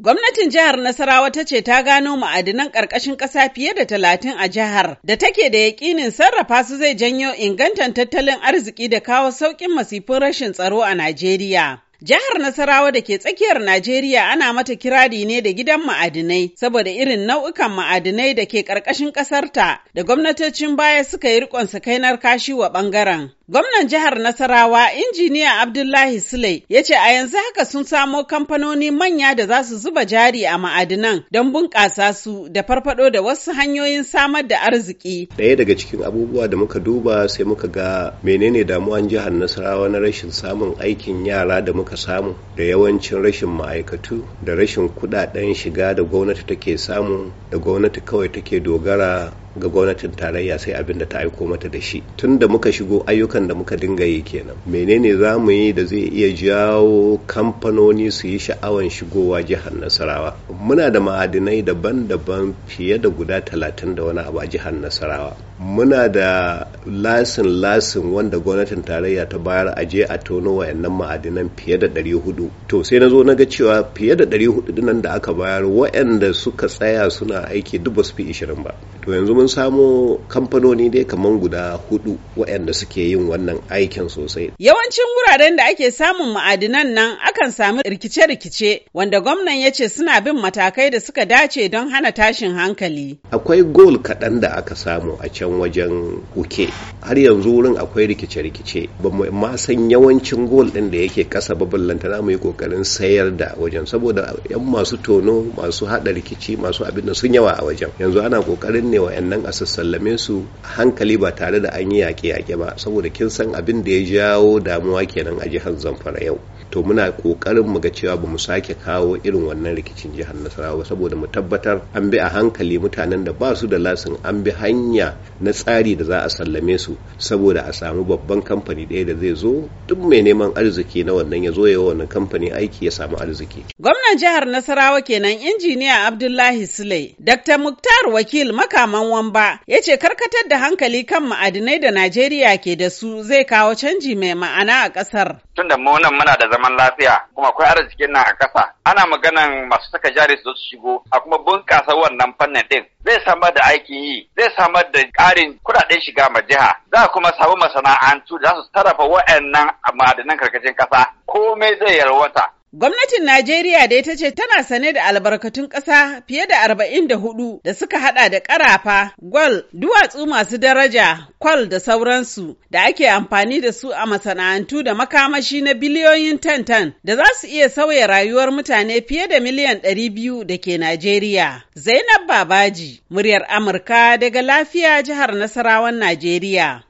Gwamnatin jihar Nasarawa ta ce ta gano ma'adinan ƙarƙashin ƙasa fiye da talatin a jihar da take da yaƙinin sarrafa su zai janyo ingantan tattalin arziki da kawo sauƙin masifin rashin tsaro a Najeriya. Jihar Nasarawa da ke tsakiyar Najeriya ana mata kirari ne da gidan ma'adinai saboda irin nau'ikan ma'adinai da ke ƙarƙashin ƙasarta da gwamnatocin baya suka yi kai kainar kashi wa ɓangaren. Gwamnan jihar Nasarawa injiniya Abdullahi Sule ya ce a yanzu haka sun samo kamfanoni manya da za su zuba jari a ma'adinan don bunƙasa su da farfado da wasu hanyoyin samar da arziki. Ɗaya daga cikin abubuwa da muka duba sai muka ga menene damuwan jihar Nasarawa na rashin samun aikin yara da muka Ka samu da yawancin rashin ma'aikatu da rashin kudaden shiga da gwamnati take samu da gwamnati kawai take dogara ga gwamnatin tarayya sai abin da ta aiko mata da shi tun da muka shigo ayyukan da muka dinga yi kenan menene za mu yi da zai iya jawo kamfanoni su yi sha'awan shigowa jihar nasarawa muna da ma'adinai daban-daban fiye da guda talatin da wani abu a jihar nasarawa muna da lasin lasin wanda gwamnatin tarayya ta bayar a je a tono wayannan ma'adinan fiye da 400 to sai na zo na ga cewa fiye da 400 nan da aka bayar wayanda suka tsaya suna aiki duk ba su fi 20 ba to yanzu mun samo kamfanoni dai kamar guda hudu wayanda suke yin wannan aikin sosai yawancin wuraren da ake samun ma'adinan nan akan samu rikice-rikice wanda gwamnan ya ce suna bin matakai da suka dace don hana tashin hankali akwai gol kaɗan da aka samu a can can wajen uke har yanzu wurin akwai rikice-rikice ba mu ma san yawancin gol din da yake kasa babban lantana mu yi kokarin sayar da wajen saboda yan masu tono masu hada rikici masu abin da sun yawa a wajen yanzu ana kokarin ne wa yannan a sassallame su hankali ba tare da an yi yaƙe-yaƙe ba saboda kin san abin da ya jawo damuwa kenan a jihar zamfara yau to muna kokarin mu ga cewa bamu sake kawo irin wannan rikicin jihar Nasarawa saboda mu tabbatar an bi a hankali mutanen da ba su da lasin an bi hanya na tsari da za a sallame su saboda a samu babban kamfani ɗaya da zai zo duk mai neman arziki na wannan ya zo ya wannan kamfani aiki ya samu arziki. Gwamnan jihar Nasarawa kenan injiniya Abdullahi Sule, Dr. Muktar Wakil makaman Wamba ya ce karkatar da hankali kan ma'adinai da Najeriya ke da su zai kawo canji mai ma'ana a ƙasar. Tunda mu nan muna da zama zaman lafiya kuma akwai arzikin nan a ƙasa ana maganan masu saka jari su su shigo a kuma bunƙasa wannan fannin ɗin zai samar da aikin yi zai samar da ƙarin kuɗaɗen shiga ma jiha za a kuma samu masana'antu da za su sarrafa wa'annan ma'adanan karkashin ƙasa komai zai yalwata Gwamnatin Najeriya da ita ce tana sane da albarkatun ƙasa fiye da arba'in da hudu da suka hada da ƙarafa, gwal, duwatsu masu daraja, kwal da sauransu da ake amfani da su a masana'antu da makamashi na biliyoyin tantan da za su iya sauya rayuwar mutane fiye da miliyan ɗari biyu da ke Najeriya. Zainab Babaji, muryar Amurka daga lafiya jihar Nasarawan Najeriya.